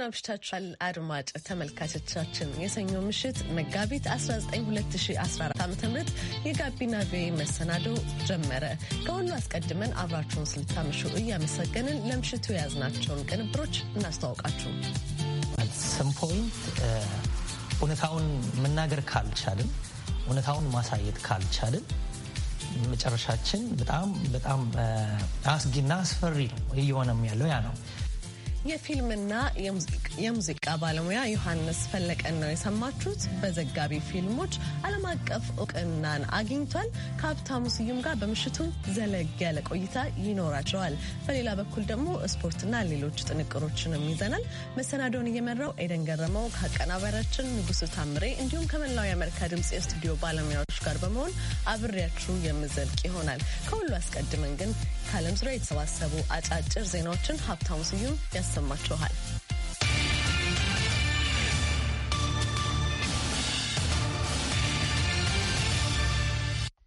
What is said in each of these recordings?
እንደምናምሽታችኋል አድማጭ ተመልካቾቻችን። የሰኞ ምሽት መጋቢት 192014 ዓ ም የጋቢና ቪ መሰናዶ ጀመረ። ከሁሉ አስቀድመን አብራችሁን ስልታምሹ እያመሰገንን ለምሽቱ የያዝናቸውን ቅንብሮች እናስተዋውቃችሁ። ስም uh, እውነታውን መናገር ካልቻልን፣ እውነታውን ማሳየት ካልቻልን መጨረሻችን በጣም በጣም uh, አስጊና አስፈሪ እየሆነም ያለው ያ ነው። የፊልምና የሙዚቃ ባለሙያ ዮሐንስ ፈለቀን ነው የሰማችሁት። በዘጋቢ ፊልሞች ዓለም አቀፍ እውቅናን አግኝቷል። ከሀብታሙ ስዩም ጋር በምሽቱ ዘለግ ያለ ቆይታ ይኖራቸዋል። በሌላ በኩል ደግሞ ስፖርትና ሌሎች ጥንቅሮችንም ይዘናል። መሰናዶውን እየመራው ኤደን ገረመው ከአቀናባሪያችን ንጉሱ ታምሬ እንዲሁም ከመላው የአሜሪካ ድምፅ የስቱዲዮ ባለሙያዎች ጋር በመሆን አብሬያችሁ የምዘልቅ ይሆናል። ከሁሉ አስቀድመን ግን ከዓለም ዙሪያ የተሰባሰቡ አጫጭር ዜናዎችን ሀብታሙ ስዩም ያስ ያሰማችኋል።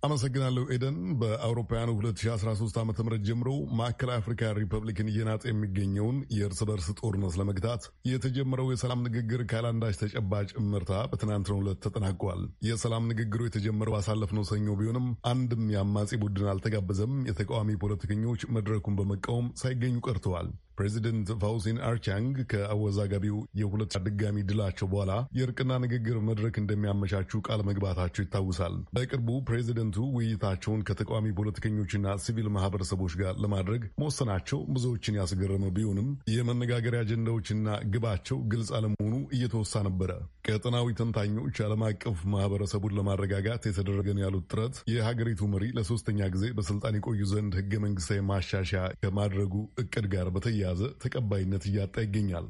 አመሰግናለሁ ኤደን። በአውሮፓውያኑ 2013 ዓ ም ጀምሮ ማዕከላዊ አፍሪካ ሪፐብሊክን እየናጠ የሚገኘውን የእርስ በርስ ጦርነት ለመግታት የተጀመረው የሰላም ንግግር ካላንዳች ተጨባጭ እምርታ በትናንትናው ዕለት ተጠናቋል። የሰላም ንግግሩ የተጀመረው ባሳለፍነው ሰኞ ቢሆንም አንድም የአማጺ ቡድን አልተጋበዘም። የተቃዋሚ ፖለቲከኞች መድረኩን በመቃወም ሳይገኙ ቀርተዋል። ፕሬዚደንት ፋውሲን አርቻንግ ከአወዛጋቢው የሁለት ድጋሚ ድላቸው በኋላ የእርቅና ንግግር መድረክ እንደሚያመቻቹ ቃል መግባታቸው ይታወሳል። በቅርቡ ፕሬዚደንቱ ውይይታቸውን ከተቃዋሚ ፖለቲከኞችና ሲቪል ማህበረሰቦች ጋር ለማድረግ መወሰናቸው ብዙዎችን ያስገረመ ቢሆንም የመነጋገሪያ አጀንዳዎችና ግባቸው ግልጽ አለመሆኑ እየተወሳ ነበረ። ቀጠናዊ ተንታኞች ዓለም አቀፍ ማህበረሰቡን ለማረጋጋት የተደረገን ያሉት ጥረት የሀገሪቱ መሪ ለሶስተኛ ጊዜ በስልጣን የቆዩ ዘንድ ህገ መንግስታዊ ማሻሻያ ከማድረጉ እቅድ ጋር በተያ እየተያዘ ተቀባይነት እያጣ ይገኛል።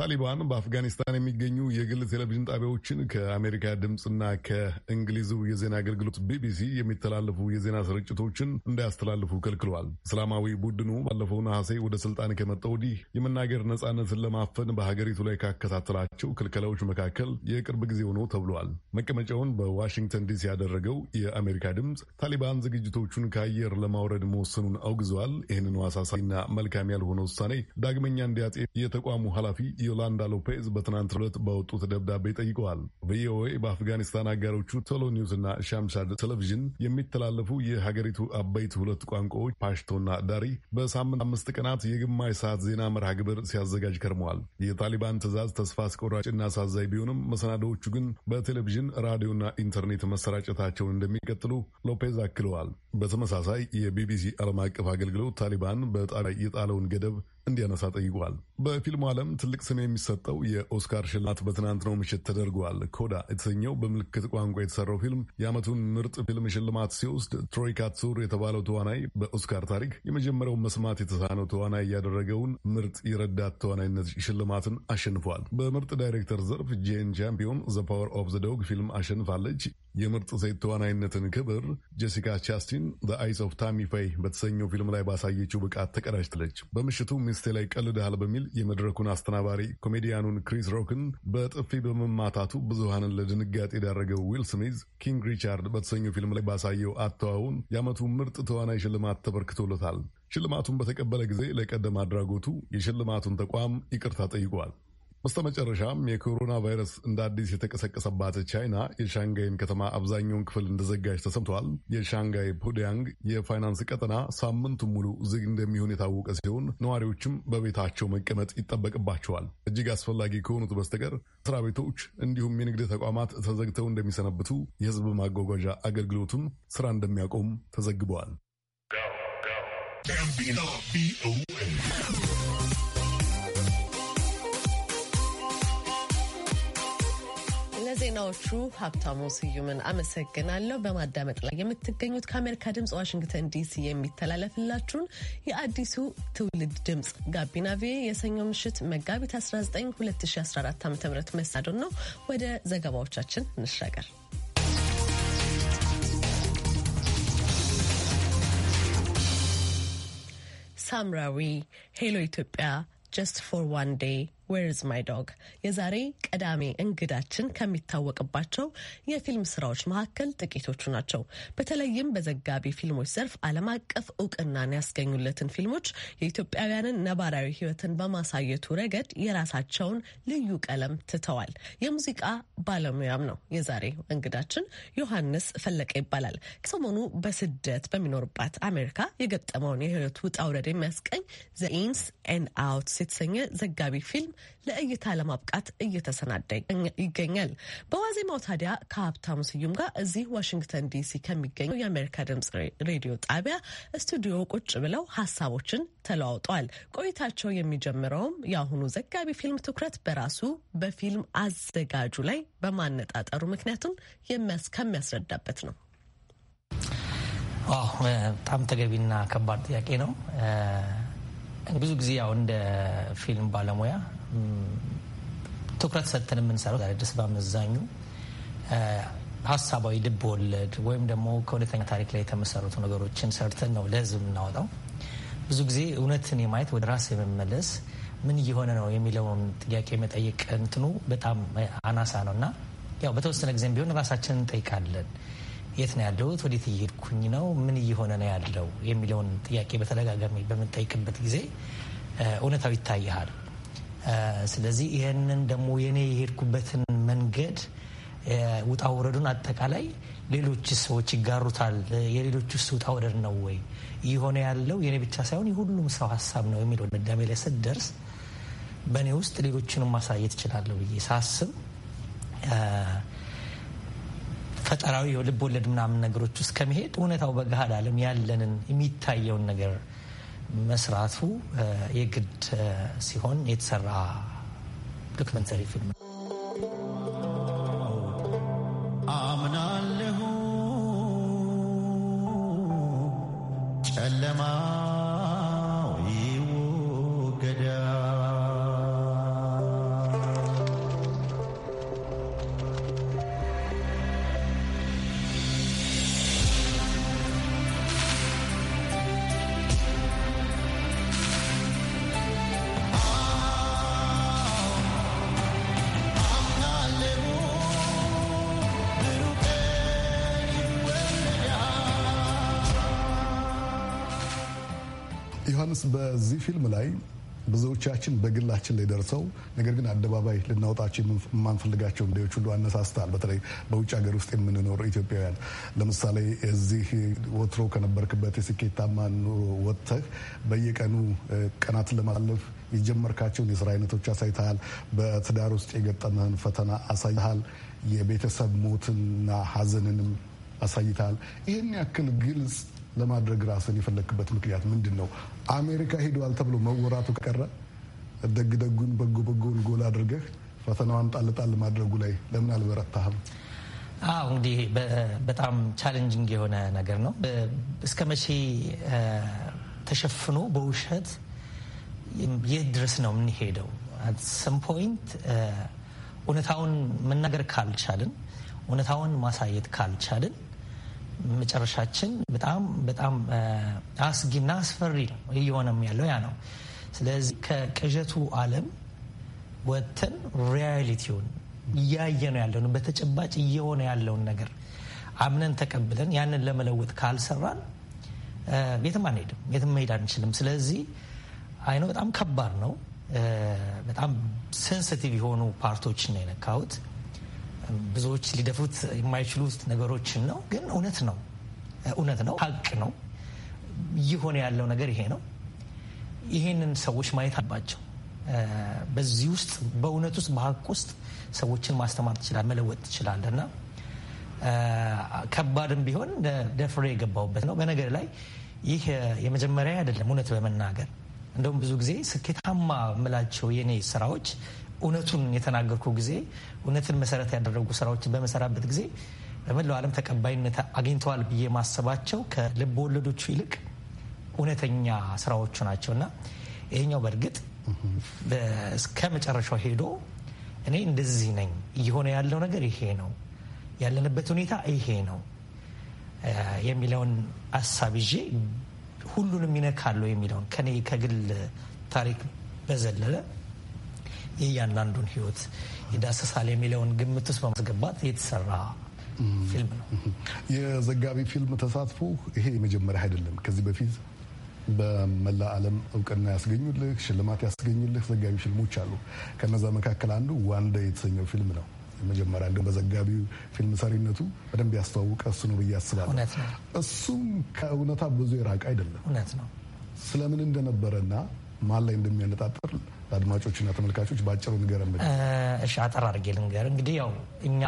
ታሊባን በአፍጋኒስታን የሚገኙ የግል ቴሌቪዥን ጣቢያዎችን ከአሜሪካ ድምፅና ከእንግሊዙ የዜና አገልግሎት ቢቢሲ የሚተላለፉ የዜና ስርጭቶችን እንዳያስተላልፉ ከልክሏል። እስላማዊ ቡድኑ ባለፈው ነሐሴ ወደ ስልጣን ከመጣ ወዲህ የመናገር ነጻነትን ለማፈን በሀገሪቱ ላይ ካከታተላቸው ክልከላዎች መካከል የቅርብ ጊዜ ሆኖ ተብሏል። መቀመጫውን በዋሽንግተን ዲሲ ያደረገው የአሜሪካ ድምፅ ታሊባን ዝግጅቶቹን ከአየር ለማውረድ መወሰኑን አውግዘዋል። ይህንኑ አሳሳቢና መልካም ያልሆነ ውሳኔ ዳግመኛ እንዲያጤ የተቋሙ ኃላፊ ዮላንዳ ሎፔዝ በትናንት ዕለት በወጡት ደብዳቤ ጠይቀዋል። ቪኦኤ በአፍጋኒስታን አጋሮቹ ቶሎ ኒውስና ሻምሻድ ቴሌቪዥን የሚተላለፉ የሀገሪቱ አበይት ሁለት ቋንቋዎች ፓሽቶና ዳሪ በሳምንት አምስት ቀናት የግማሽ ሰዓት ዜና መርሃ ግብር ሲያዘጋጅ ከርመዋል። የታሊባን ትዕዛዝ ተስፋ አስቆራጭና አሳዛኝ ቢሆንም መሰናዶዎቹ ግን በቴሌቪዥን ራዲዮና ኢንተርኔት መሰራጨታቸውን እንደሚቀጥሉ ሎፔዝ አክለዋል። በተመሳሳይ የቢቢሲ ዓለም አቀፍ አገልግሎት ታሊባን በጣቢያ የጣለውን ገደብ እንዲያነሳ ጠይቋል። በፊልሙ ዓለም ትልቅ ስም የሚሰጠው የኦስካር ሽልማት በትናንትናው ምሽት ተደርጓል። ኮዳ የተሰኘው በምልክት ቋንቋ የተሰራው ፊልም የዓመቱን ምርጥ ፊልም ሽልማት ሲወስድ፣ ትሮይ ካትሱር የተባለው ተዋናይ በኦስካር ታሪክ የመጀመሪያው መስማት የተሳነው ተዋናይ ያደረገውን ምርጥ የረዳት ተዋናይነት ሽልማትን አሸንፏል። በምርጥ ዳይሬክተር ዘርፍ ጄን ቻምፒዮን ዘ ፓወር ኦፍ ዘ ዶግ ፊልም አሸንፋለች። የምርጥ ሴት ተዋናይነትን ክብር ጄሲካ ቻስቲን ዘ አይስ ኦፍ ታሚ ፋይ በተሰኘው ፊልም ላይ ባሳየችው ብቃት ተቀዳጅትለች። በምሽቱ መንግስቴ ላይ ቀልድሃል በሚል የመድረኩን አስተናባሪ ኮሜዲያኑን ክሪስ ሮክን በጥፊ በመማታቱ ብዙሃንን ለድንጋጤ የዳረገው ዊል ስሚዝ ኪንግ ሪቻርድ በተሰኘው ፊልም ላይ ባሳየው አተዋውን የዓመቱ ምርጥ ተዋናይ ሽልማት ተበርክቶለታል። ሽልማቱን በተቀበለ ጊዜ ለቀደመ አድራጎቱ የሽልማቱን ተቋም ይቅርታ ጠይቋል። በስተመጨረሻም የኮሮና ቫይረስ እንደ አዲስ የተቀሰቀሰባት ቻይና የሻንጋይን ከተማ አብዛኛውን ክፍል እንደዘጋጅ ተሰምተዋል። የሻንጋይ ፑዲያንግ የፋይናንስ ቀጠና ሳምንቱን ሙሉ ዝግ እንደሚሆን የታወቀ ሲሆን ነዋሪዎችም በቤታቸው መቀመጥ ይጠበቅባቸዋል። እጅግ አስፈላጊ ከሆኑት በስተቀር ስራ ቤቶች፣ እንዲሁም የንግድ ተቋማት ተዘግተው እንደሚሰነብቱ፣ የህዝብ ማጓጓዣ አገልግሎቱም ስራ እንደሚያቆም ተዘግበዋል። ለዜናዎቹ ሀብታሙ ስዩምን አመሰግናለሁ። በማዳመጥ ላይ የምትገኙት ከአሜሪካ ድምፅ ዋሽንግተን ዲሲ የሚተላለፍላችሁን የአዲሱ ትውልድ ድምፅ ጋቢና ቪ የሰኞ ምሽት መጋቢት 19 2014 ዓ ም መሳዶን ነው። ወደ ዘገባዎቻችን እንሻገር። ሳምራዊ ሄሎ ኢትዮጵያ ጀስት ፎር ዋን ዴይ ዌርዝ ማይ ዶግ የዛሬ ቀዳሜ እንግዳችን ከሚታወቅባቸው የፊልም ስራዎች መካከል ጥቂቶቹ ናቸው። በተለይም በዘጋቢ ፊልሞች ዘርፍ ዓለም አቀፍ እውቅናን ያስገኙለትን ፊልሞች የኢትዮጵያውያንን ነባራዊ ሕይወትን በማሳየቱ ረገድ የራሳቸውን ልዩ ቀለም ትተዋል። የሙዚቃ ባለሙያም ነው። የዛሬ እንግዳችን ዮሐንስ ፈለቀ ይባላል። ሰሞኑ በስደት በሚኖርባት አሜሪካ የገጠመውን የሕይወት ውጣ ውረድ የሚያስቀኝ ዘኢንስ ኢንስ አውትስ የተሰኘ ዘጋቢ ፊልም ለእይታ ለማብቃት እየተሰናዳ ይገኛል። በዋዜማው ታዲያ ከሀብታሙ ስዩም ጋር እዚህ ዋሽንግተን ዲሲ ከሚገኘው የአሜሪካ ድምጽ ሬዲዮ ጣቢያ ስቱዲዮ ቁጭ ብለው ሀሳቦችን ተለዋውጠዋል። ቆይታቸው የሚጀምረውም የአሁኑ ዘጋቢ ፊልም ትኩረት በራሱ በፊልም አዘጋጁ ላይ በማነጣጠሩ ምክንያቱን ከሚያስረዳበት ነው። በጣም ተገቢና ከባድ ጥያቄ ነው። ብዙ ጊዜ ያው እንደ ፊልም ባለሙያ ትኩረት ሰጥተን የምንሰራው ዛሬ ድረስ በአመዛኙ ሀሳባዊ ልብ ወለድ ወይም ደግሞ ከእውነተኛ ታሪክ ላይ የተመሰረቱ ነገሮችን ሰርተን ነው ለህዝብ የምናወጣው። ብዙ ጊዜ እውነትን የማየት ወደ ራስ የመመለስ ምን እየሆነ ነው የሚለውን ጥያቄ መጠየቅ እንትኑ በጣም አናሳ ነው እና ያው በተወሰነ ጊዜም ቢሆን ራሳችንን እንጠይቃለን። የት ነው ያለሁት? ወዴት እየሄድኩኝ ነው? ምን እየሆነ ነው ያለው የሚለውን ጥያቄ በተደጋጋሚ በምንጠይቅበት ጊዜ እውነታው ይታይሃል። ስለዚህ ይህንን ደግሞ የኔ የሄድኩበትን መንገድ ውጣ ውረዱን አጠቃላይ ሌሎች ሰዎች ይጋሩታል። የሌሎች ውስጥ ውጣ ውረድ ነው ወይ እየሆነ ያለው የኔ ብቻ ሳይሆን የሁሉም ሰው ሀሳብ ነው የሚለው ድምዳሜ ላይ ስደርስ በእኔ ውስጥ ሌሎችንም ማሳየት እችላለሁ ብዬ ሳስብ ፈጠራዊ ልብ ወለድ ምናምን ነገሮች ውስጥ ከመሄድ እውነታው በገሃድ ዓለም ያለንን የሚታየውን ነገር መስራቱ የግድ ሲሆን የተሰራ ዶክመንተሪ ፊልም ነው። ዮሐንስ በዚህ ፊልም ላይ ብዙዎቻችን በግላችን ላይ ደርሰው ነገር ግን አደባባይ ልናወጣቸው የማንፈልጋቸው ጉዳዮች ሁሉ አነሳስተሃል። በተለይ በውጭ ሀገር ውስጥ የምንኖር ኢትዮጵያውያን ለምሳሌ እዚህ ወትሮ ከነበርክበት የስኬታማ ኑሮ ወጥተህ በየቀኑ ቀናትን ለማለፍ የጀመርካቸውን የስራ አይነቶች አሳይተሃል። በትዳር ውስጥ የገጠመህን ፈተና አሳይተሃል። የቤተሰብ ሞትንና ሀዘንንም አሳይተሃል። ይህን ያክል ግልጽ ለማድረግ ራስን የፈለክበት ምክንያት ምንድን ነው? አሜሪካ ሄደዋል ተብሎ መወራቱ ከቀረ ደግ ደጉን በጎ በጎን ጎል አድርገህ ፈተናዋን ጣል ጣል ማድረጉ ላይ ለምን አልበረታህም? አዎ እንግዲህ በጣም ቻለንጅንግ የሆነ ነገር ነው። እስከ መቼ ተሸፍኖ በውሸት የት ድረስ ነው የምንሄደው? ሰም ፖይንት እውነታውን መናገር ካልቻልን፣ እውነታውን ማሳየት ካልቻልን መጨረሻችን በጣም በጣም አስጊና አስፈሪ ነው እየሆነም ያለው ያ ነው። ስለዚህ ከቅዠቱ ዓለም ወጥተን ሪያሊቲውን እያየ ነው ያለውን በተጨባጭ እየሆነ ያለውን ነገር አምነን ተቀብለን ያንን ለመለወጥ ካልሰራን የትም አንሄድም፣ የትም መሄድ አንችልም። ስለዚህ አይነው በጣም ከባድ ነው። በጣም ሴንስቲቭ የሆኑ ፓርቶችን ነው የነካሁት። ብዙዎች ሊደፉት የማይችሉ ነገሮችን ነው። ግን እውነት ነው፣ እውነት ነው፣ ሀቅ ነው። እየሆነ ያለው ነገር ይሄ ነው። ይሄንን ሰዎች ማየት አለባቸው። በዚህ ውስጥ በእውነት ውስጥ በሀቅ ውስጥ ሰዎችን ማስተማር ትችላል፣ መለወጥ ትችላል እና ከባድም ቢሆን ደፍሬ የገባውበት ነው። በነገር ላይ ይህ የመጀመሪያ አይደለም። እውነት በመናገር እንደውም ብዙ ጊዜ ስኬታማ የምላቸው የኔ ስራዎች እውነቱን የተናገርኩ ጊዜ እውነትን መሰረት ያደረጉ ስራዎችን በመሰራበት ጊዜ በመላው ዓለም ተቀባይነት አግኝተዋል ብዬ ማሰባቸው ከልብ ወለዶቹ ይልቅ እውነተኛ ስራዎቹ ናቸው እና ይሄኛው በእርግጥ እስከ መጨረሻው ሄዶ እኔ እንደዚህ ነኝ፣ እየሆነ ያለው ነገር ይሄ ነው፣ ያለንበት ሁኔታ ይሄ ነው የሚለውን አሳብ ይዤ ሁሉንም ይነካለሁ የሚለውን ከኔ ከግል ታሪክ በዘለለ የእያንዳንዱን ህይወት ይዳሰሳል የሚለውን ግምት ውስጥ በማስገባት የተሰራ ፊልም ነው። የዘጋቢ ፊልም ተሳትፎ ይሄ የመጀመሪያ አይደለም። ከዚህ በፊት በመላ ዓለም እውቅና ያስገኙልህ ሽልማት ያስገኙልህ ዘጋቢ ፊልሞች አሉ። ከነዛ መካከል አንዱ ዋንደ የተሰኘው ፊልም ነው። መጀመሪያ እንደ በዘጋቢ ፊልም ሰሪነቱ በደንብ ያስተዋውቀ እሱ ነው ብዬ አስባለሁ። እሱም ከእውነታ ብዙ የራቀ አይደለም። እውነት ነው። ስለምን እንደነበረና ማን ላይ እንደሚያነጣጠር ለአድማጮችና ተመልካቾች በአጭሩ ንገረን። እሺ፣ አጠር አድርጌ ልንገር። እንግዲህ ያው እኛ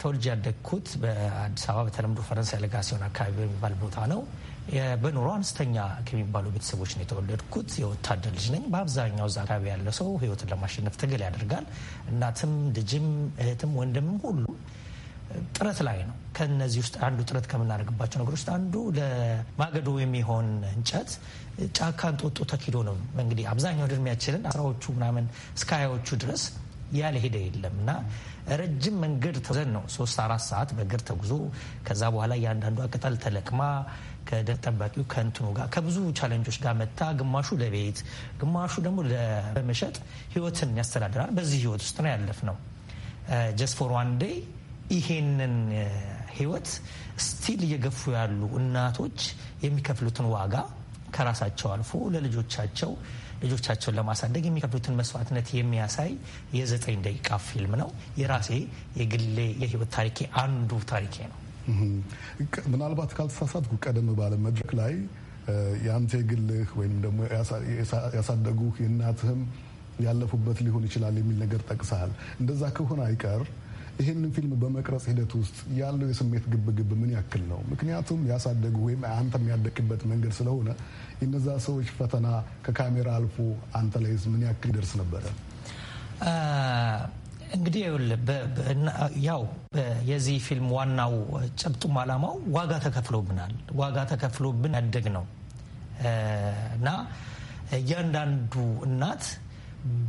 ተወልጄ ያደግኩት በአዲስ አበባ በተለምዶ ፈረንሳይ ለጋሲዮን አካባቢ በሚባል ቦታ ነው። በኑሮ አነስተኛ ከሚባሉ ቤተሰቦች ነው የተወለድኩት። የወታደር ልጅ ነኝ። በአብዛኛው እዛ አካባቢ ያለ ሰው ህይወትን ለማሸነፍ ትግል ያደርጋል። እናትም ልጅም እህትም ወንድምም ሁሉ ጥረት ላይ ነው። ከነዚህ ውስጥ አንዱ ጥረት ከምናደርግባቸው ነገሮች ውስጥ አንዱ ለማገዶ የሚሆን እንጨት ጫካ እንጦጦ ተኪዶ ነው። እንግዲህ አብዛኛው እድሜያችንን አስራዎቹ ምናምን እስከ ሀያዎቹ ድረስ ያለ ሄደ የለም እና ረጅም መንገድ ተዘን ነው ሶስት አራት ሰዓት መንገድ ተጉዞ ከዛ በኋላ እያንዳንዷ ቅጠል ተለቅማ ከጠባቂው ከእንትኑ ጋር ከብዙ ቻለንጆች ጋር መታ ግማሹ ለቤት ግማሹ ደግሞ በመሸጥ ህይወትን ያስተዳድራል። በዚህ ህይወት ውስጥ ነው ያለፍ ነው ጀስት ፎር ዋን ዴይ ይሄንን ህይወት ስቲል እየገፉ ያሉ እናቶች የሚከፍሉትን ዋጋ ከራሳቸው አልፎ ለልጆቻቸው ልጆቻቸውን ለማሳደግ የሚከፍሉትን መስዋዕትነት የሚያሳይ የዘጠኝ ደቂቃ ፊልም ነው። የራሴ የግሌ የህይወት ታሪኬ አንዱ ታሪኬ ነው። ምናልባት ካልተሳሳትኩ ቀደም ባለ መድረክ ላይ የአንተ የግልህ ወይም ደግሞ ያሳደጉህ የእናትህም ያለፉበት ሊሆን ይችላል የሚል ነገር ጠቅሰሃል። እንደዛ ከሆነ አይቀር ይህንን ፊልም በመቅረጽ ሂደት ውስጥ ያለው የስሜት ግብግብ ምን ያክል ነው? ምክንያቱም ያሳደጉ ወይም አንተ የሚያደግበት መንገድ ስለሆነ የነዛ ሰዎች ፈተና ከካሜራ አልፎ አንተ ላይስ ምን ያክል ይደርስ ነበረ? እንግዲህ ያው የዚህ ፊልም ዋናው ጭብጡም አላማው ዋጋ ተከፍሎብናል። ዋጋ ተከፍሎብን ያደግ ነው እና እያንዳንዱ እናት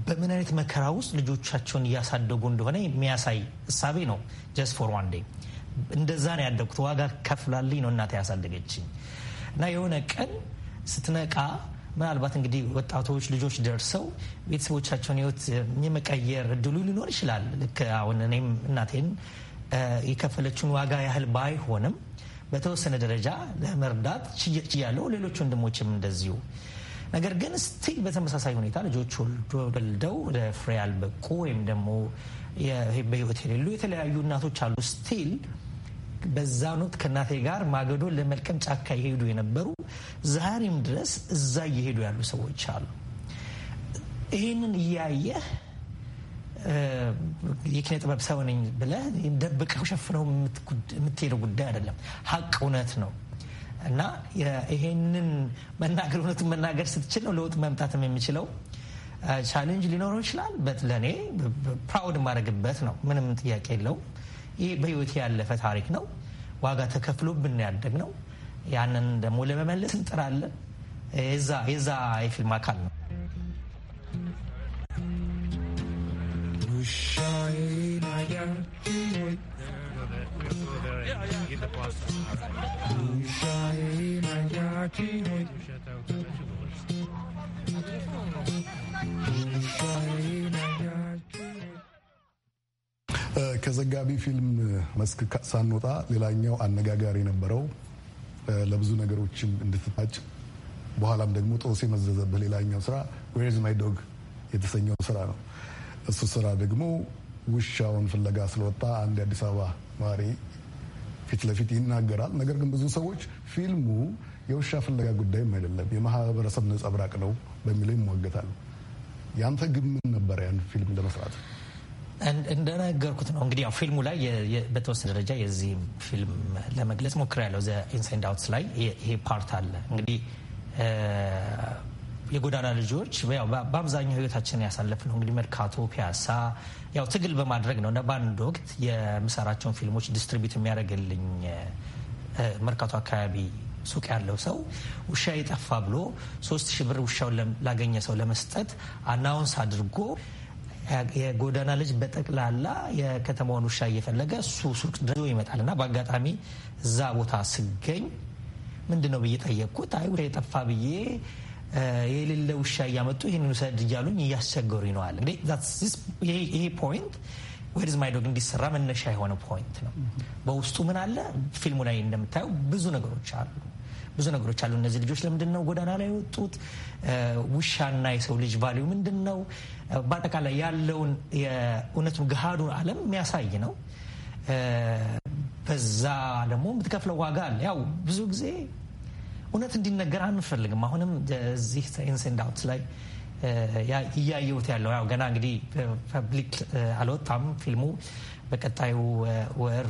በምን አይነት መከራ ውስጥ ልጆቻቸውን እያሳደጉ እንደሆነ የሚያሳይ እሳቤ ነው። ጀስት ፎር ዋን ዴይ እንደዛ ነው ያደግኩት። ዋጋ ከፍላልኝ ነው እናቴ ያሳደገችኝ እና የሆነ ቀን ስትነቃ ምናልባት እንግዲህ ወጣቶች ልጆች ደርሰው ቤተሰቦቻቸውን ህይወት የመቀየር እድሉ ሊኖር ይችላል። ልክ አሁን እኔም እናቴን የከፈለችውን ዋጋ ያህል ባይሆንም በተወሰነ ደረጃ ለመርዳት ችያለሁ። ሌሎች ወንድሞችም እንደዚሁ ነገር ግን ስቲል በተመሳሳይ ሁኔታ ልጆች ወልደው ለፍሬ ያልበቁ ወይም ደግሞ በህይወት የሌሉ የተለያዩ እናቶች አሉ። ስቲል በዛን ወቅት ከእናቴ ጋር ማገዶ ለመልቀም ጫካ የሄዱ የነበሩ ዛሬም ድረስ እዛ እየሄዱ ያሉ ሰዎች አሉ። ይህንን እያየህ የኪነ ጥበብ ሰው ነኝ ብለህ ደብቀው ሸፍነው የምትሄደው ጉዳይ አይደለም። ሀቅ እውነት ነው። እና ይሄንን መናገር እውነቱን መናገር ስትችል ነው ለውጥ መምጣትም የሚችለው። ቻሌንጅ ሊኖረው ይችላል። በት ለእኔ ፕራውድ የማደርግበት ነው። ምንም ጥያቄ የለው ይህ በህይወት ያለፈ ታሪክ ነው። ዋጋ ብን ያደግ ነው። ያንን ደግሞ ለመመለስ እንጥራለን። የዛ የፊልም አካል ነው። ውሻዬን ከዘጋቢ ፊልም መስክ ሳንወጣ ሌላኛው አነጋጋሪ የነበረው ለብዙ ነገሮችን እንድትታጭ በኋላም ደግሞ ጦስ የመዘዘብህ ሌላኛው ስራ ዌርዝ ማይ ዶግ የተሰኘው ስራ ነው። እሱ ስራ ደግሞ ውሻውን ፍለጋ ስለወጣ አንድ የአዲስ አበባ ነዋሪ ፊት ለፊት ይናገራል። ነገር ግን ብዙ ሰዎች ፊልሙ የውሻ ፍለጋ ጉዳይም አይደለም የማህበረሰብ ነጸብራቅ ነው በሚለው ይሟገታሉ። ያንተ ግብ ምን ነበር ያን ፊልም ለመስራት? እንደነገርኩት ነው እንግዲህ ያው ፊልሙ ላይ በተወሰነ ደረጃ የዚህ ፊልም ለመግለጽ ሞክሬያለሁ። ዘ ኢንሳይንድ አውትስ ላይ ይሄ ፓርት አለ እንግዲህ የጎዳና ልጆች በአብዛኛው ህይወታችንን ነው እንግዲህ መርካቶ፣ ፒያሳ ያው ትግል በማድረግ ነው እና በአንድ ወቅት የምሰራቸውን ፊልሞች ዲስትሪቢዩት የሚያደርግልኝ መርካቶ አካባቢ ሱቅ ያለው ሰው ውሻ ይጠፋ ብሎ ሶስት ሺህ ብር ውሻውን ላገኘ ሰው ለመስጠት አናውንስ አድርጎ የጎዳና ልጅ በጠቅላላ የከተማውን ውሻ እየፈለገ እሱ ሱቅ ድረስ ይመጣል እና በአጋጣሚ እዛ ቦታ ስገኝ ምንድን ነው ብዬ ጠየቅኩት። አይ ውሻ የጠፋ ብዬ የሌለ ውሻ እያመጡ ይህን ውሰድ እያሉኝ እያስቸገሩ ይነዋል። እንግዲህ ይሄ ፖይንት ወይዝ ማይ ዶግ እንዲሰራ መነሻ የሆነ ፖይንት ነው። በውስጡ ምን አለ? ፊልሙ ላይ እንደምታየው ብዙ ነገሮች አሉ ብዙ ነገሮች አሉ። እነዚህ ልጆች ለምንድን ነው ጎዳና ላይ የወጡት? ውሻና የሰው ልጅ ቫሊዩ ምንድን ነው? በአጠቃላይ ያለውን የእውነቱን ገሃዱን ዓለም የሚያሳይ ነው። በዛ ደግሞ የምትከፍለው ዋጋ አለ። ያው ብዙ ጊዜ እውነት እንዲነገር አንፈልግም። አሁንም እዚህ ኢንስ ኤንድ ላይ እያየሁት ያለው ያው ገና እንግዲህ ፐብሊክ አልወጣም ፊልሙ በቀጣዩ ወር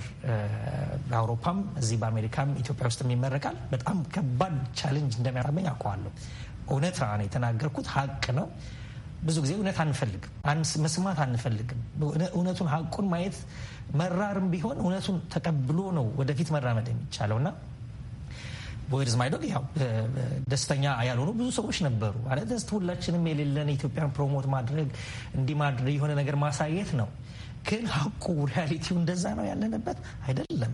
በአውሮፓም እዚህ በአሜሪካም ኢትዮጵያ ውስጥም ይመረቃል። በጣም ከባድ ቻሌንጅ እንደሚያጣመኝ አውቀዋለሁ። እውነት ነው የተናገርኩት፣ ሀቅ ነው። ብዙ ጊዜ እውነት አንፈልግም፣ መስማት አንፈልግም። እውነቱን ሀቁን ማየት መራርም ቢሆን እውነቱን ተቀብሎ ነው ወደፊት መራመድ የሚቻለው እና ቦይርዝ ማይዶግ ያው ደስተኛ ያልሆኑ ብዙ ሰዎች ነበሩ። አለ ደስት ሁላችንም የሌለን ኢትዮጵያን ፕሮሞት ማድረግ እንዲህ ማድረግ የሆነ ነገር ማሳየት ነው። ግን ሀቁ ሪያሊቲው እንደዛ ነው ያለንበት አይደለም።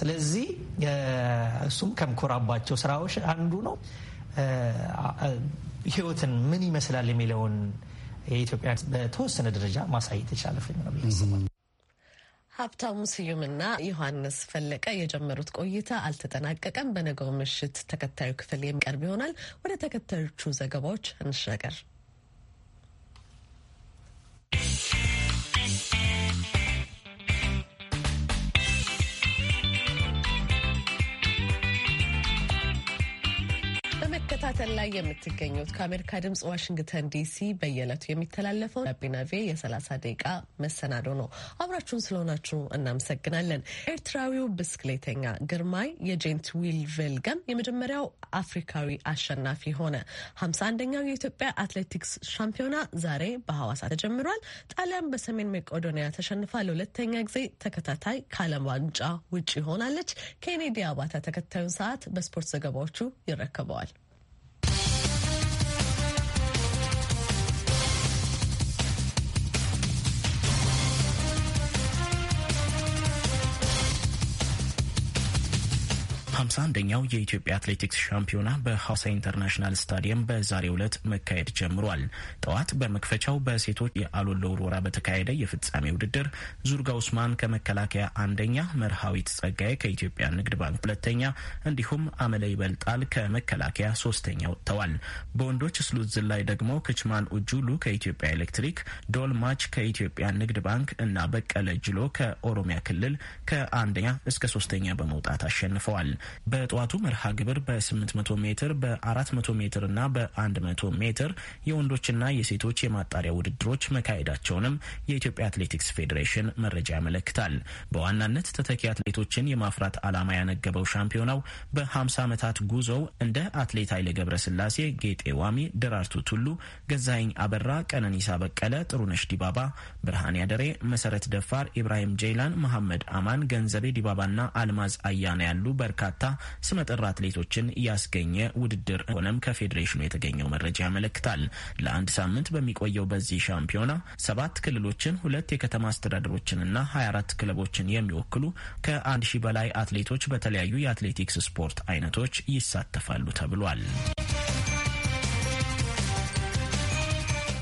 ስለዚህ እሱም ከምኮራባቸው ስራዎች አንዱ ነው። ህይወትን ምን ይመስላል የሚለውን የኢትዮጵያ በተወሰነ ደረጃ ማሳየት የቻለ ፊልም ነው። ሀብታሙ ስዩምና ዮሐንስ ፈለቀ የጀመሩት ቆይታ አልተጠናቀቀም። በነገው ምሽት ተከታዩ ክፍል የሚቀርብ ይሆናል። ወደ ተከታዮቹ ዘገባዎች እንሻገር። በመከታተል ላይ የምትገኙት ከአሜሪካ ድምጽ ዋሽንግተን ዲሲ በየዕለቱ የሚተላለፈው ጋቢና ቬ የ30 ደቂቃ መሰናዶ ነው። አብራችሁን ስለሆናችሁ እናመሰግናለን። ኤርትራዊው ብስክሌተኛ ግርማይ የጄንት ዊል ቬልገም የመጀመሪያው አፍሪካዊ አሸናፊ ሆነ። 51ኛው የኢትዮጵያ አትሌቲክስ ሻምፒዮና ዛሬ በሐዋሳ ተጀምሯል። ጣሊያን በሰሜን መቄዶንያ ተሸንፋ ለሁለተኛ ጊዜ ተከታታይ ከዓለም ዋንጫ ውጭ ሆናለች። ኬኔዲ አባታ ተከታዩን ሰዓት በስፖርት ዘገባዎቹ ይረከበዋል። 51ኛው የኢትዮጵያ አትሌቲክስ ሻምፒዮና በሐዋሳ ኢንተርናሽናል ስታዲየም በዛሬው ዕለት መካሄድ ጀምሯል። ጠዋት በመክፈቻው በሴቶች የአሎሎ ውርወራ በተካሄደ የፍጻሜ ውድድር ዙርጋ ኡስማን ከመከላከያ አንደኛ፣ መርሃዊት ጸጋዬ ከኢትዮጵያ ንግድ ባንክ ሁለተኛ፣ እንዲሁም አመለ ይበልጣል ከመከላከያ ሶስተኛ ወጥተዋል። በወንዶች ስሉት ዝላይ ደግሞ ክችማን ኡጁሉ ከኢትዮጵያ ኤሌክትሪክ፣ ዶል ማች ከኢትዮጵያ ንግድ ባንክ እና በቀለ ጅሎ ከኦሮሚያ ክልል ከአንደኛ እስከ ሶስተኛ በመውጣት አሸንፈዋል። በጠዋቱ መርሃ ግብር በ800 ሜትር፣ በ400 ሜትር እና በ100 ሜትር የወንዶችና የሴቶች የማጣሪያ ውድድሮች መካሄዳቸውንም የኢትዮጵያ አትሌቲክስ ፌዴሬሽን መረጃ ያመለክታል። በዋናነት ተተኪ አትሌቶችን የማፍራት ዓላማ ያነገበው ሻምፒዮናው በ50 ዓመታት ጉዞው እንደ አትሌት ኃይለ ገብረስላሴ፣ ጌጤ ዋሚ፣ ደራርቱ ቱሉ፣ ገዛኸኝ አበራ፣ ቀነኒሳ በቀለ፣ ጥሩነሽ ዲባባ፣ ብርሃን ያደሬ፣ መሰረት ደፋር፣ ኢብራሂም ጄይላን፣ መሐመድ አማን፣ ገንዘቤ ዲባባና አልማዝ አያና ያሉ በርካታ በርካታ ስመጥር አትሌቶችን ያስገኘ ውድድር ሆነም ከፌዴሬሽኑ የተገኘው መረጃ ያመለክታል። ለአንድ ሳምንት በሚቆየው በዚህ ሻምፒዮና ሰባት ክልሎችን፣ ሁለት የከተማ አስተዳደሮችንና 24 ክለቦችን የሚወክሉ ከአንድ ሺህ በላይ አትሌቶች በተለያዩ የአትሌቲክስ ስፖርት አይነቶች ይሳተፋሉ ተብሏል።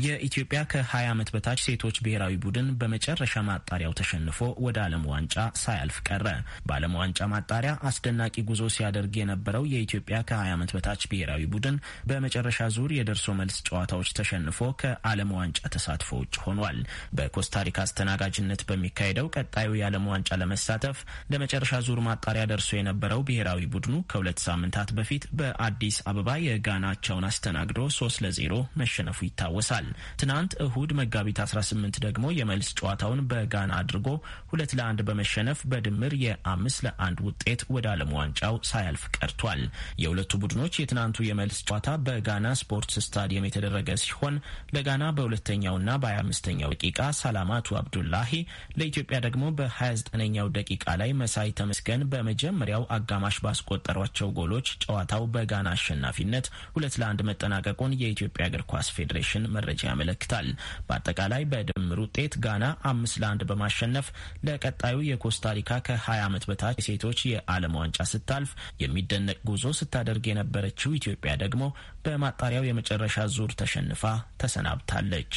የኢትዮጵያ ከ20 ዓመት በታች ሴቶች ብሔራዊ ቡድን በመጨረሻ ማጣሪያው ተሸንፎ ወደ ዓለም ዋንጫ ሳያልፍ ቀረ። በዓለም ዋንጫ ማጣሪያ አስደናቂ ጉዞ ሲያደርግ የነበረው የኢትዮጵያ ከ20 ዓመት በታች ብሔራዊ ቡድን በመጨረሻ ዙር የደርሶ መልስ ጨዋታዎች ተሸንፎ ከዓለም ዋንጫ ተሳትፎ ውጭ ሆኗል። በኮስታሪካ አስተናጋጅነት በሚካሄደው ቀጣዩ የዓለም ዋንጫ ለመሳተፍ ለመጨረሻ ዙር ማጣሪያ ደርሶ የነበረው ብሔራዊ ቡድኑ ከሁለት ሳምንታት በፊት በአዲስ አበባ የጋናቸውን አስተናግዶ ሶስት ለዜሮ መሸነፉ ይታወሳል። ትናንት እሁድ መጋቢት 18 ደግሞ የመልስ ጨዋታውን በጋና አድርጎ ሁለት ለአንድ በመሸነፍ በድምር የአምስት ለአንድ ውጤት ወደ ዓለም ዋንጫው ሳያልፍ ቀርቷል። የሁለቱ ቡድኖች የትናንቱ የመልስ ጨዋታ በጋና ስፖርትስ ስታዲየም የተደረገ ሲሆን ለጋና በሁለተኛውና በ25ኛው ደቂቃ ሰላማቱ አብዱላሂ ለኢትዮጵያ ደግሞ በ29ኛው ደቂቃ ላይ መሳይ ተመስገን በመጀመሪያው አጋማሽ ባስቆጠሯቸው ጎሎች ጨዋታው በጋና አሸናፊነት ሁለት ለአንድ መጠናቀቁን የኢትዮጵያ እግር ኳስ ፌዴሬሽን መረጃ መረጃ ያመለክታል። በአጠቃላይ በድምር ውጤት ጋና አምስት ለአንድ በማሸነፍ ለቀጣዩ የኮስታሪካ ከ20 ዓመት በታች የሴቶች የዓለም ዋንጫ ስታልፍ የሚደነቅ ጉዞ ስታደርግ የነበረችው ኢትዮጵያ ደግሞ በማጣሪያው የመጨረሻ ዙር ተሸንፋ ተሰናብታለች።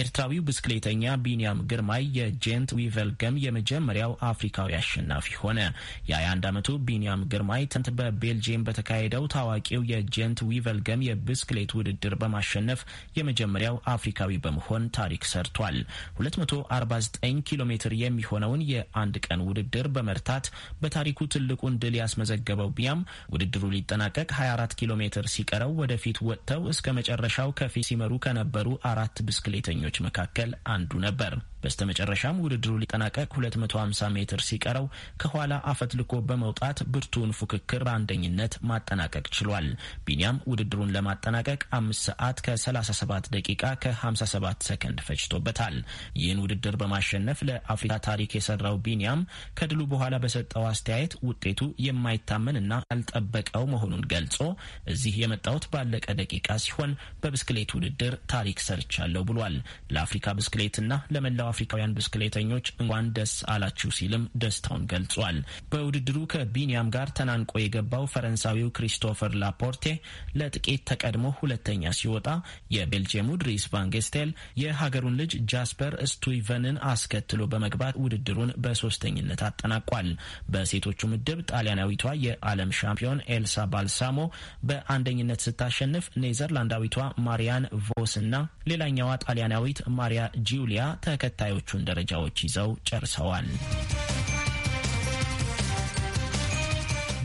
ኤርትራዊው ብስክሌተኛ ቢንያም ግርማይ የጄንት ዊቨልገም የመጀመሪያው አፍሪካዊ አሸናፊ ሆነ። የ21 ዓመቱ ቢንያም ግርማይ ትናንት በቤልጅየም በተካሄደው ታዋቂው የጄንት ዊቨልገም የብስክሌት ውድድር በማሸነፍ የመጀመሪያው አፍሪካዊ በመሆን ታሪክ ሰርቷል። 249 ኪሎ ሜትር የሚሆነውን የአንድ ቀን ውድድር በመርታት በታሪኩ ትልቁን ድል ያስመዘገበው ቢያም ውድድሩ ሊጠናቀቅ 24 ኪሎ ሜትር ሲቀረው ወደፊት ወጥተው እስከ መጨረሻው ከፊት ሲመሩ ከነበሩ አራት ብስክሌተኞች መካከል አንዱ ነበር። በስተመጨረሻም ውድድሩ ሊጠናቀቅ 250 ሜትር ሲቀረው ከኋላ አፈትልኮ በመውጣት ብርቱን ፉክክር በአንደኝነት ማጠናቀቅ ችሏል። ቢኒያም ውድድሩን ለማጠናቀቅ 5 ሰዓት ከ37 ደቂቃ ከ57 ሰከንድ ፈጅቶበታል። ይህን ውድድር በማሸነፍ ለአፍሪካ ታሪክ የሰራው ቢኒያም ከድሉ በኋላ በሰጠው አስተያየት ውጤቱ የማይታመንና ያልጠበቀው መሆኑን ገልጾ እዚህ የመጣሁት ባለቀ ደቂቃ ሲሆን በብስክሌት ውድድር ታሪክ ሰርቻለሁ ብሏል። ለአፍሪካ ብስክሌትና ለመላው አፍሪካውያን ብስክሌተኞች እንኳን ደስ አላችሁ ሲልም ደስታውን ገልጿል። በውድድሩ ከቢኒያም ጋር ተናንቆ የገባው ፈረንሳዊው ክሪስቶፈር ላፖርቴ ለጥቂት ተቀድሞ ሁለተኛ ሲወጣ የቤልጅየሙ ድሪስ ቫንጌስቴል የሀገሩን ልጅ ጃስፐር ስቱይቨንን አስከትሎ በመግባት ውድድሩን በሶስተኝነት አጠናቋል። በሴቶቹ ምድብ ጣሊያናዊቷ የዓለም ሻምፒዮን ኤልሳ ባልሳሞ በአንደኝነት ስታሸንፍ ኔዘርላንዳዊቷ ማሪያን ቮስ እና ሌላኛዋ ጣሊያናዊት ማሪያ ጂውሊያ ተከ ተከታዮቹን ደረጃዎች ይዘው ጨርሰዋል።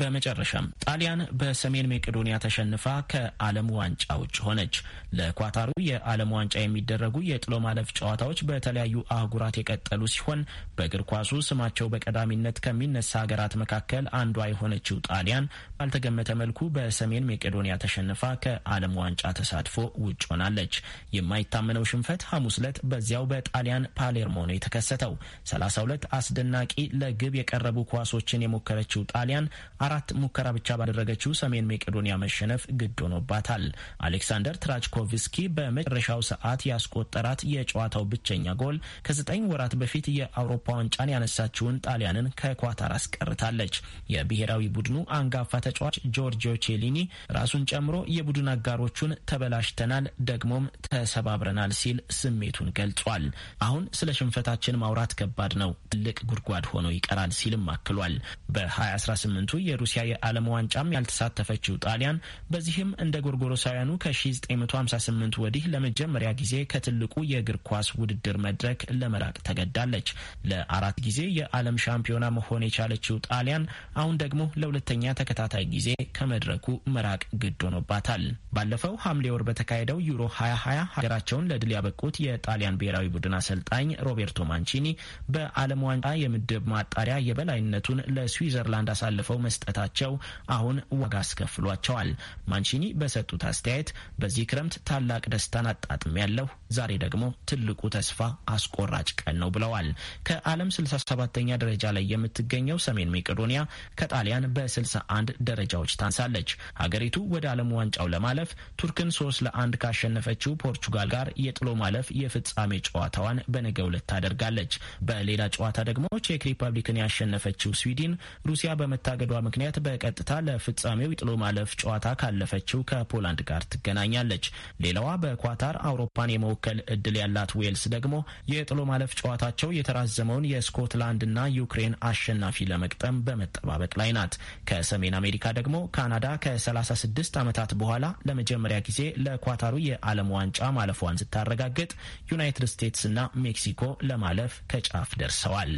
በመጨረሻም ጣሊያን በሰሜን መቄዶንያ ተሸንፋ ከዓለም ዋንጫ ውጭ ሆነች። ለኳታሩ የዓለም ዋንጫ የሚደረጉ የጥሎ ማለፍ ጨዋታዎች በተለያዩ አህጉራት የቀጠሉ ሲሆን በእግር ኳሱ ስማቸው በቀዳሚነት ከሚነሳ ሀገራት መካከል አንዷ የሆነችው ጣሊያን ባልተገመተ መልኩ በሰሜን መቄዶንያ ተሸንፋ ከዓለም ዋንጫ ተሳትፎ ውጭ ሆናለች። የማይታመነው ሽንፈት ሐሙስ ዕለት በዚያው በጣሊያን ፓሌርሞ ነው የተከሰተው። 32 አስደናቂ ለግብ የቀረቡ ኳሶችን የሞከረችው ጣሊያን አራት ሙከራ ብቻ ባደረገችው ሰሜን መቄዶኒያ መሸነፍ ግድ ሆኖባታል። አሌክሳንደር ትራችኮቭስኪ በመጨረሻው ሰዓት ያስቆጠራት የጨዋታው ብቸኛ ጎል ከዘጠኝ ወራት በፊት የአውሮፓ ዋንጫን ያነሳችውን ጣሊያንን ከኳታር አስቀርታለች። የብሔራዊ ቡድኑ አንጋፋ ተጫዋች ጆርጂዮ ቼሊኒ ራሱን ጨምሮ የቡድን አጋሮቹን ተበላሽተናል፣ ደግሞም ተሰባብረናል ሲል ስሜቱን ገልጿል። አሁን ስለ ሽንፈታችን ማውራት ከባድ ነው፣ ትልቅ ጉድጓድ ሆኖ ይቀራል ሲልም አክሏል። በ2018ቱ የሩሲያ የዓለም ዋንጫም ያልተሳተፈችው ጣሊያን በዚህም እንደ ጎርጎሮሳውያኑ ከ1958 ወዲህ ለመጀመሪያ ጊዜ ከትልቁ የእግር ኳስ ውድድር መድረክ ለመራቅ ተገዳለች። ለአራት ጊዜ የዓለም ሻምፒዮና መሆን የቻለችው ጣሊያን አሁን ደግሞ ለሁለተኛ ተከታታይ ጊዜ ከመድረኩ መራቅ ግድ ሆኖባታል። ባለፈው ሐምሌ ወር በተካሄደው ዩሮ 2020 ሀገራቸውን ለድል ያበቁት የጣሊያን ብሔራዊ ቡድን አሰልጣኝ ሮቤርቶ ማንቺኒ በዓለም ዋንጫ የምድብ ማጣሪያ የበላይነቱን ለስዊዘርላንድ አሳልፈው መስጠ መስጠታቸው አሁን ዋጋ አስከፍሏቸዋል። ማንቺኒ በሰጡት አስተያየት በዚህ ክረምት ታላቅ ደስታን አጣጥም ያለው ዛሬ ደግሞ ትልቁ ተስፋ አስቆራጭ ቀን ነው ብለዋል። ከዓለም 67ኛ ደረጃ ላይ የምትገኘው ሰሜን ሜቄዶኒያ ከጣሊያን በ61 ደረጃዎች ታንሳለች። ሀገሪቱ ወደ ዓለም ዋንጫው ለማለፍ ቱርክን ሶስት ለአንድ ካሸነፈችው ፖርቹጋል ጋር የጥሎ ማለፍ የፍጻሜ ጨዋታዋን በነገው ዕለት ታደርጋለች። በሌላ ጨዋታ ደግሞ ቼክ ሪፐብሊክን ያሸነፈችው ስዊድን ሩሲያ በመታገዷ ምክንያት በቀጥታ ለፍጻሜው ጥሎ ማለፍ ጨዋታ ካለፈችው ከፖላንድ ጋር ትገናኛለች። ሌላዋ በኳታር አውሮፓን የመወከል እድል ያላት ዌልስ ደግሞ የጥሎ ማለፍ ጨዋታቸው የተራዘመውን የስኮትላንድና ዩክሬን አሸናፊ ለመቅጠም በመጠባበቅ ላይ ናት። ከሰሜን አሜሪካ ደግሞ ካናዳ ከ36 ዓመታት በኋላ ለመጀመሪያ ጊዜ ለኳታሩ የዓለም ዋንጫ ማለፏን ስታረጋግጥ ዩናይትድ ስቴትስና ሜክሲኮ ለማለፍ ከጫፍ ደርሰዋል።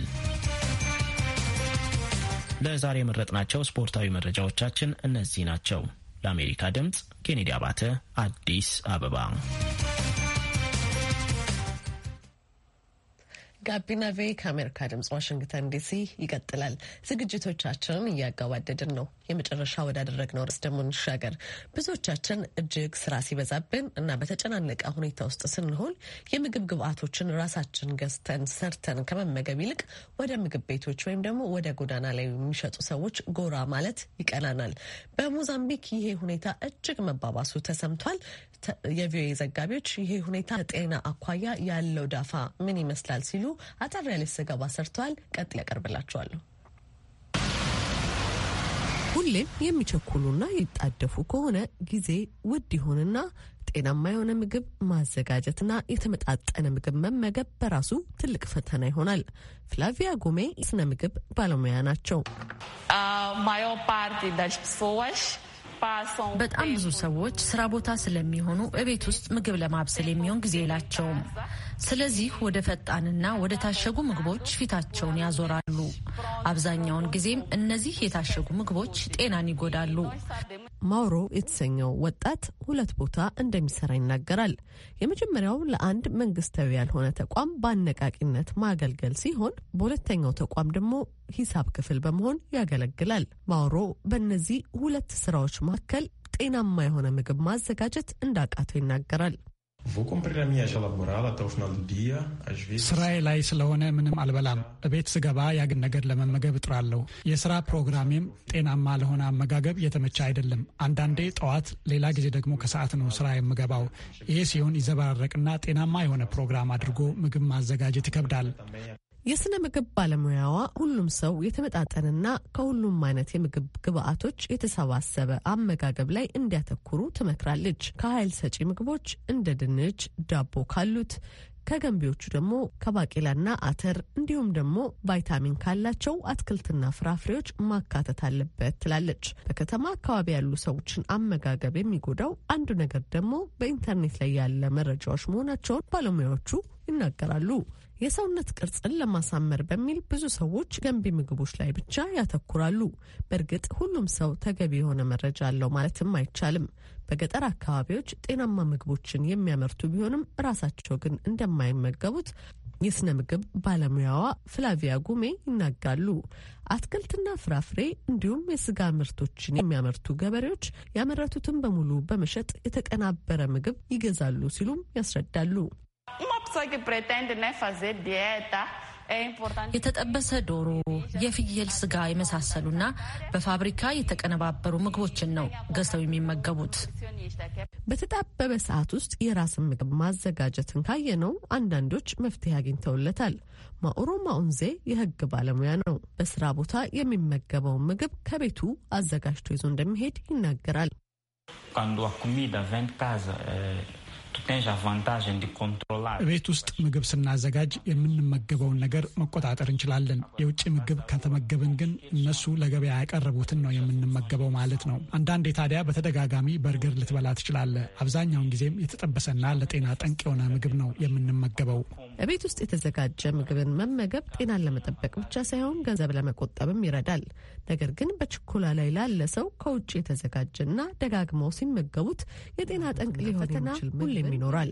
ለዛሬ የመረጥናቸው ስፖርታዊ መረጃዎቻችን እነዚህ ናቸው። ለአሜሪካ ድምፅ ኬኔዲ አባተ አዲስ አበባ። ጋቢና ቬ ከአሜሪካ ድምፅ ዋሽንግተን ዲሲ ይቀጥላል። ዝግጅቶቻችንን እያገባደድን ነው። የመጨረሻ ወዳደረግነው ርዕስ ደግሞ እንሻገር። ብዙዎቻችን እጅግ ስራ ሲበዛብን እና በተጨናነቀ ሁኔታ ውስጥ ስንሆን የምግብ ግብአቶችን ራሳችን ገዝተን ሰርተን ከመመገብ ይልቅ ወደ ምግብ ቤቶች ወይም ደግሞ ወደ ጎዳና ላይ የሚሸጡ ሰዎች ጎራ ማለት ይቀናናል። በሞዛምቢክ ይሄ ሁኔታ እጅግ መባባሱ ተሰምቷል። የቪኦኤ ዘጋቢዎች ይሄ ሁኔታ ጤና አኳያ ያለው ዳፋ ምን ይመስላል ሲሉ አጠር ያለች ዘገባ ሰርተዋል። ቀጥ ያቀርብላቸዋለሁ። ሁሌም የሚቸኩሉና ይጣደፉ ከሆነ ጊዜ ውድ ይሆንና ጤናማ የሆነ ምግብ ማዘጋጀትና የተመጣጠነ ምግብ መመገብ በራሱ ትልቅ ፈተና ይሆናል። ፍላቪያ ጎሜ ስነ ምግብ ባለሙያ ናቸው። uh, በጣም ብዙ ሰዎች ስራ ቦታ ስለሚሆኑ እቤት ውስጥ ምግብ ለማብሰል የሚሆን ጊዜ የላቸውም። ስለዚህ ወደ ፈጣንና ወደ ታሸጉ ምግቦች ፊታቸውን ያዞራሉ። አብዛኛውን ጊዜም እነዚህ የታሸጉ ምግቦች ጤናን ይጎዳሉ። ማውሮ የተሰኘው ወጣት ሁለት ቦታ እንደሚሰራ ይናገራል። የመጀመሪያው ለአንድ መንግስታዊ ያልሆነ ተቋም በአነቃቂነት ማገልገል ሲሆን በሁለተኛው ተቋም ደግሞ ሂሳብ ክፍል በመሆን ያገለግላል። ማውሮ በእነዚህ ሁለት ስራዎች መካከል ጤናማ የሆነ ምግብ ማዘጋጀት እንዳቃተው ይናገራል። ስራዬ ላይ ስለሆነ ምንም አልበላም። እቤት ስገባ ያግን ነገር ለመመገብ እጥራለሁ። የስራ ፕሮግራሜም ጤናማ ለሆነ አመጋገብ የተመቸ አይደለም። አንዳንዴ ጠዋት፣ ሌላ ጊዜ ደግሞ ከሰዓት ነው ስራ የምገባው። ይሄ ሲሆን ይዘበራረቅና ጤናማ የሆነ ፕሮግራም አድርጎ ምግብ ማዘጋጀት ይከብዳል። የሥነ ምግብ ባለሙያዋ ሁሉም ሰው የተመጣጠንና ከሁሉም አይነት የምግብ ግብአቶች የተሰባሰበ አመጋገብ ላይ እንዲያተኩሩ ትመክራለች። ከኃይል ሰጪ ምግቦች እንደ ድንች፣ ዳቦ ካሉት ከገንቢዎቹ ደግሞ ከባቄላና አተር እንዲሁም ደግሞ ቫይታሚን ካላቸው አትክልትና ፍራፍሬዎች ማካተት አለበት ትላለች። በከተማ አካባቢ ያሉ ሰዎችን አመጋገብ የሚጎዳው አንዱ ነገር ደግሞ በኢንተርኔት ላይ ያለ መረጃዎች መሆናቸውን ባለሙያዎቹ ይናገራሉ። የሰውነት ቅርጽን ለማሳመር በሚል ብዙ ሰዎች ገንቢ ምግቦች ላይ ብቻ ያተኩራሉ። በእርግጥ ሁሉም ሰው ተገቢ የሆነ መረጃ አለው ማለትም አይቻልም። በገጠር አካባቢዎች ጤናማ ምግቦችን የሚያመርቱ ቢሆንም ራሳቸው ግን እንደማይመገቡት የስነ ምግብ ባለሙያዋ ፍላቪያ ጉሜ ይናጋሉ። አትክልትና ፍራፍሬ እንዲሁም የስጋ ምርቶችን የሚያመርቱ ገበሬዎች ያመረቱትን በሙሉ በመሸጥ የተቀናበረ ምግብ ይገዛሉ ሲሉም ያስረዳሉ። uma pessoa que pretende né, fazer dieta የተጠበሰ ዶሮ፣ የፍየል ስጋ የመሳሰሉና በፋብሪካ የተቀነባበሩ ምግቦችን ነው ገዝተው የሚመገቡት። በተጣበበ ሰዓት ውስጥ የራስን ምግብ ማዘጋጀትን ካየነው አንዳንዶች መፍትሄ አግኝተውለታል። ማኡሮ ማኡንዜ የሕግ ባለሙያ ነው። በስራ ቦታ የሚመገበውን ምግብ ከቤቱ አዘጋጅቶ ይዞ እንደሚሄድ ይናገራል። ቤት ውስጥ ምግብ ስናዘጋጅ የምንመገበውን ነገር መቆጣጠር እንችላለን። የውጭ ምግብ ከተመገብን ግን እነሱ ለገበያ ያቀረቡትን ነው የምንመገበው ማለት ነው። አንዳንዴ ታዲያ በተደጋጋሚ በርገር ልትበላ ትችላለህ። አብዛኛውን ጊዜም የተጠበሰና ለጤና ጠንቅ የሆነ ምግብ ነው የምንመገበው። ቤት ውስጥ የተዘጋጀ ምግብን መመገብ ጤናን ለመጠበቅ ብቻ ሳይሆን ገንዘብ ለመቆጠብም ይረዳል። ነገር ግን በችኮላ ላይ ላለ ሰው ከውጭ የተዘጋጀና ደጋግመው ሲመገቡት የጤና ጠንቅ ሊሆን የሚችል mineral.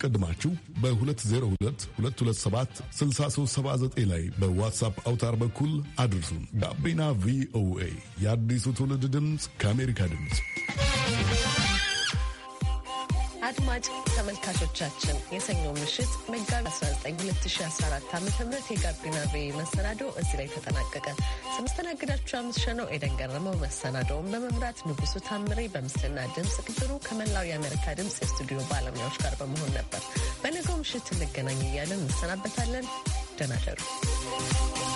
አስቀድማችሁ በ202 6379 ላይ በዋትሳፕ አውታር በኩል አድርሱን። ጋቢና ቪኦኤ የአዲሱ ትውልድ ድምፅ ከአሜሪካ ድምፅ። Thank you. አድማጭ ተመልካቾቻችን የሰኞ ምሽት መጋቢ 19 2014 ዓ ም የጋቢና ቪ መሰናዶ እዚህ ላይ ተጠናቀቀ። ስምስተናግዳችሁ ነው። ኤደን ገረመው፣ መሰናዶውን በመምራት ንጉሱ ታምሬ፣ በምስልና ድምፅ ቅንብሩ ከመላው የአሜሪካ ድምፅ የስቱዲዮ ባለሙያዎች ጋር በመሆን ነበር። በነገው ምሽት እንገናኝ እያለን እንሰናበታለን። ደህና እደሩ።